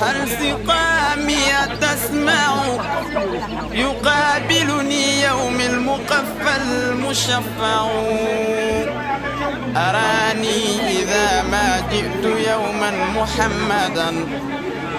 حرس قامي تسمع يقابلني يوم المقفى المشفع أراني إذا ما جئت يوما محمدا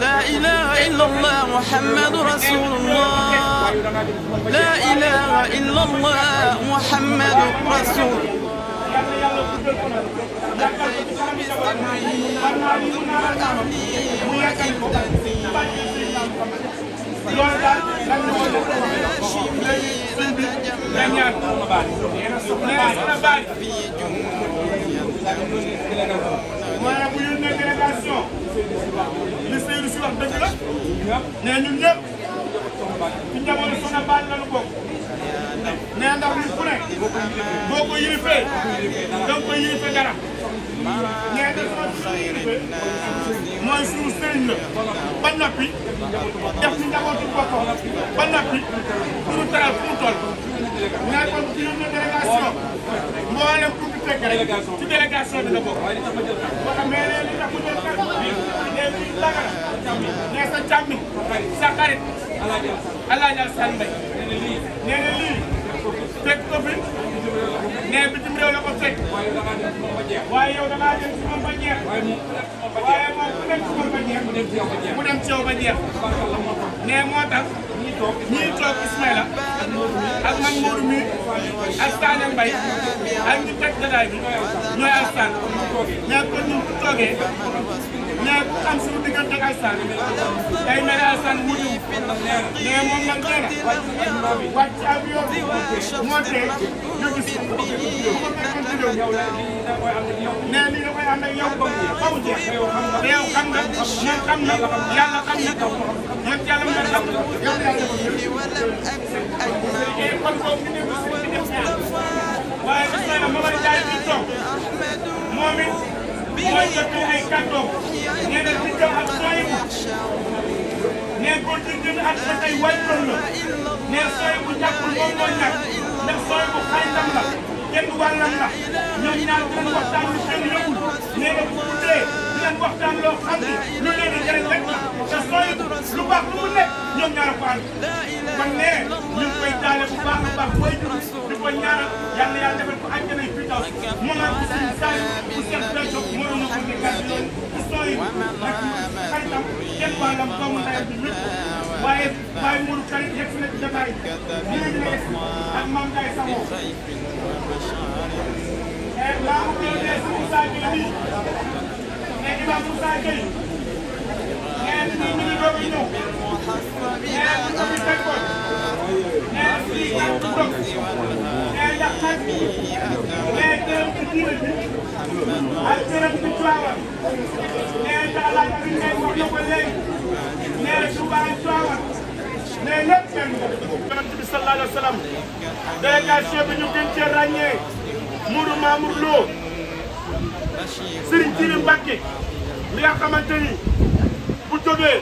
لا إله إلا الله محمد رسول الله لا إله إلا الله محمد رسول Voilà, vous une délégation. li Seydou si wax dëgg la nee ñun ñëpp ci njaboot Soxna Mbathie la ñu bokk nee ndax nit ku ne boo ko yilifee da nga koy yilife dara nee def mooy suñu sëriñ la ba noppi def ci njabootu boppam ba noppi suñu taral fu mu toll nee kon ci ñu délégation mboolem fekk rek ci délégation bi la bokk. waaye li tax ma jël kàddu. boo xam nee bi lagara. nee sa càmmiñ. sa xarit. Alaaji Alassane nee na lii fekk nee bitim réew la ko fekk. waaye yow da ngaa dem ba jeex. nee moo tax. ñii toog Ismaïla ak man Modou mi ak Sane Mbaye ak ñi teg jotaay bi ñooy Alassane mais kon ñu toogee mais ku xam suñu diggante ak Alassane day mel ne Alassane wutu mais moom nag nee na wàcc ci avion bi moo tee jóge si bu ko fekkoon ci réew mi nee damay ànd ak yow ba mu jeex te yow xam nga moom xam na yàlla xam na ñoom yàlla mën na xam na yow yaa ngi ko jël. kon kooku ñu déglu si li dem ñaar waaye gis naa ne Mamadou Ndiaye bi toog moom it mooy jot ay kàddoom nee na si jëm ak sooy bu nee ko dëgg ak sa tey wàññoon la nee sooy bu ñàkkul moom mooy ñàkk ndax sooy bu xaritam la. genn wàllam la ñoom ñaar dinañ waxtaan lu xel yëgul nee na bu guddee dinañ waxtaan loo xam ni lu leen di jëriñ rek la te sooy lu baax lu mu nekk ñoom ñaar ko ànd kon ne ñu ngi koy jaale bu baax a baax mooy jur di ko ñaanal yàlla yàlla defal ko àjjana yi fii taw moom ak suñu saay bu set day jóg moo doon ko nekkaat loolu bu sooy nag xaritam genn wàllam doomu ndayam bi ñëpp waaye Baye Modou Kane yegg na ci jotaay bi ñu ne ak Mame Ndiaye Sakho eh, maa ngi koy dee si Moussa Gueye bii mais eh, Imam Moussa Gueye nee eh, na nii mi ngi doog a ñëw nee na ñu ngi fekk ko nee na fii ak du doog nee na xaj bi nee gërëm ci diine bi ak gërëm ci tuwaawam nee na alaaka bi nee wax na ko léegi. nee Touba ak Tiwaawan nee lépp benn yonent bi sallallahu alayhi wa sallam délégation bi ñu gën cee ràññee Mourou Mamour Lo Serigne Thierry Mbacke li nga xamante ni bu jógee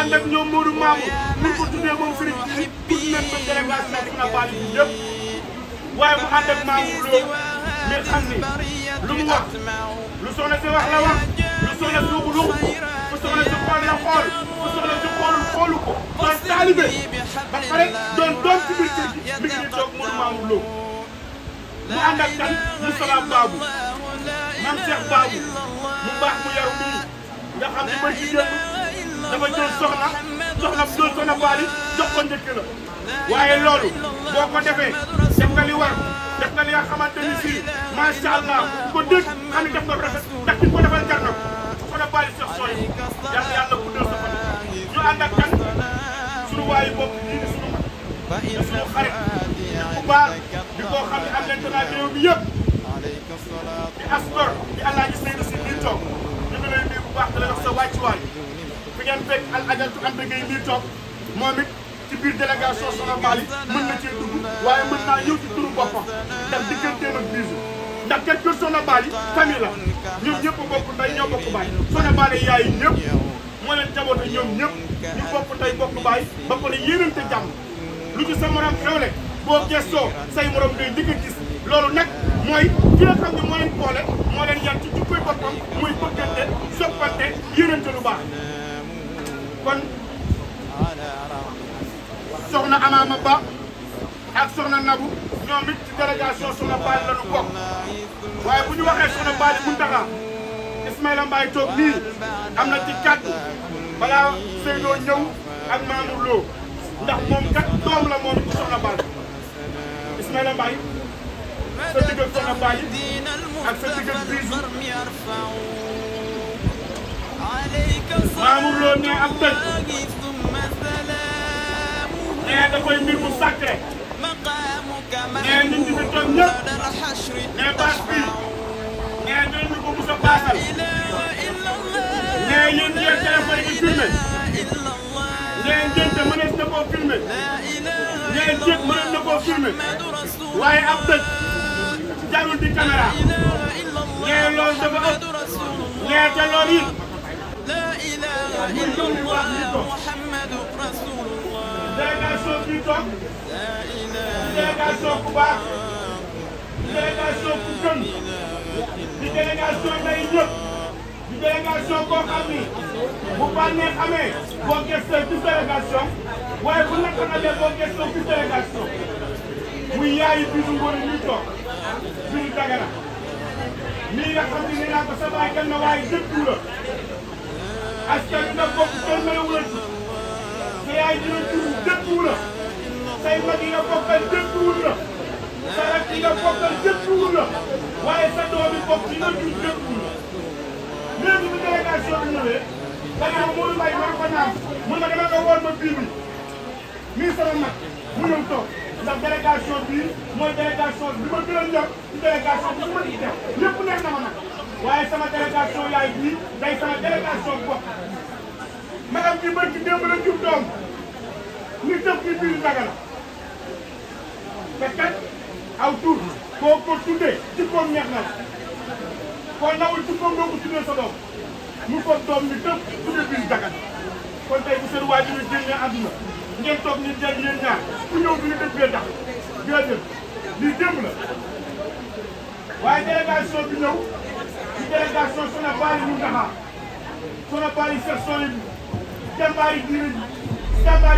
ànd ak ñoom Mourou Mamour ñu ko tuddee moom Serigne Thierry pour ñu leen doon délégation bi mu ànd ak Mamour lu mu wax lu soxla si lu soxla si waxul waxul dee xool ku soxla ci xoolul xoolu ko doon taalibe ba pare doon doon ci biir kër gi mi ngi nii toog Modou Mamour Lo mu ànd ak kan Moustapha Babou Mame Cheikh Babou mu baax mu yaru nii nga xam ne man ci démb dafa jël soxna soxna doon soxna baali jox ko njëkk la waaye loolu boo ko defee def nga li war def nga li nga xamante ni si macha allah ko dégg xam ne def nga réew mi yëpp di astor di alaaji Seydou si lii toog ñu ngi lay nuyu bu baax di la jox sa wàccuwaay fi ngeen fekk al ajaltu am ngay lii toog moom it ci biir délégation Soxna Mali mën na cee dugg waaye mën naa ñëw ci turu boppam ndax digganteem ak ndax kat kër Soxna Mali famille la ñun ñëpp bokk ndey ñoo bokk baay Soxna Mali yaay ñëpp moo leen jaboote ñoom ñëpp ñu bokk ndey bokk baay ba pare yéenante jàmm lu ci sa morom xewle boo gëstoo say morom loolu nag mooy ki nga xam ne moo leen boole moo leen yar ci jikkoy boppam muy lu baax kon soxna Amaama Ba ak soxna Nabou ñoom it ci délégation soxna Baali la ñu bokk waaye bu ñu waxee soxna Baali Muntaxa Ismaïla Mbaye toog nii am na ci kàddu balaa Seydou ñëw ak Mamour Lo ndax moom kat doom la moom ci soxna Baali Ismaïla sa diggante soxna Mbaye ak sa diggante Bijou Mamour Lo nee ab dëj nee da koy mbir mu sacré nee nit ñi fi toog ñëpp nee bâche bi nee nañ ñu ko mos a baasal nee yéen yéen téléphone yi filmé nee ngénte mënees na koo filmé nee jéeg mënees na koo filmé waaye ab dëj jaarul di caméra leer loolu dafa ëpp leer te loolu it ñun ñu wax ñu toog délégation bi toog délégation bu baax délégation bu gën di délégation day ñëpp di délégation koo xam ni bu bànneex amee boo gëstoo ci délégation waaye bu naka amee boo gëstoo ci délégation muy yaayu bisu ngóor yi ñuy toog. suñu dagana nii nga xam ne nee naa ko sa baay kan na waaye dëkku la askan wi nga bokk kenn mënewu la ci sa yaay dina jur dëkku la say mag yi nga bokkal dëkku la sa rak yi nga bokkal dëkku la waaye sa doomi bokk yi nga jur dëkku la léegi bu délégation bi ñëwee da nga Modou Mbaye maa ko naan mun ma dama ko woon ma biir mi mii sama mag mu ñëw toog ndax délégation bi mooy délégation bi ma gën a ñor ci délégation bi su ma di def lépp neex na ma nag waaye sama délégation yaay bii day sama délégation bopp maanaam ñi bëri jub doom ñu def ci biir Dagana te aw tur boo ko tuddee jikkoom neex na kon nawul jikkoom doo ko tuddee sa doom mu foog doom ñu biir Dagana kon tey bu seen waajur yi génnee àdduna ngeen toog ñu dégg yéen ñaar ku ñëw bi ñu dëj bee tax déedéet lii démb la waaye délégation bi ñëw ci délégation Sonapar yi ñu ndaxaa Sonapar yi seet sooy bi jàmbaar yi diine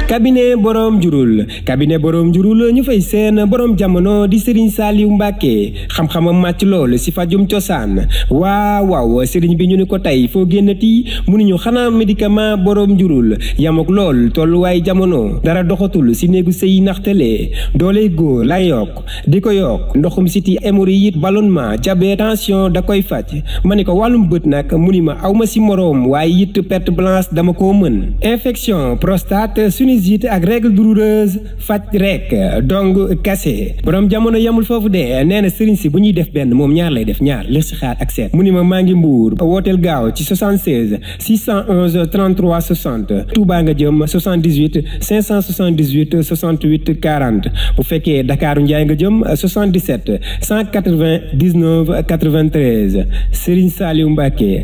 cabinet borom jurul cabinet borom jurul ñu fay seen boroom jamono di Serigne Saliou Mbacke xam-xamam màcc lool si fajum cosaan waaw waaw Serigne bi ñu ni ko tey foo génnati mënuñu xanaa médicament borom jurul yamuk lool tolluwaay jamono dara doxatul si néegu sëy naxtale doole góor la yokk di ko yokk ndoxum siti hémorroïde ballonnement diabète tension da koy faj ma ni ko wàllum bët nag mu ni ma aw ma si moroom waaye yit perte blanche dama ko mën infection prostate gàtt sinusite ak règle douloureuse faj rek dong kase borom jamono yamul foofu de nee na sëriñ si bu ñuy def benn moom ñaar lay def ñaar listixaar ak seet mu ni ma maa ngi mbuur wooteel gaaw ci 76 611 33 60 Touba nga jëm 78 578 68 40 bu fekkee Dakaaru Njaay nga jëm 77 199 93 Serigne Saliou Mbacké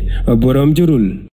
borom jurul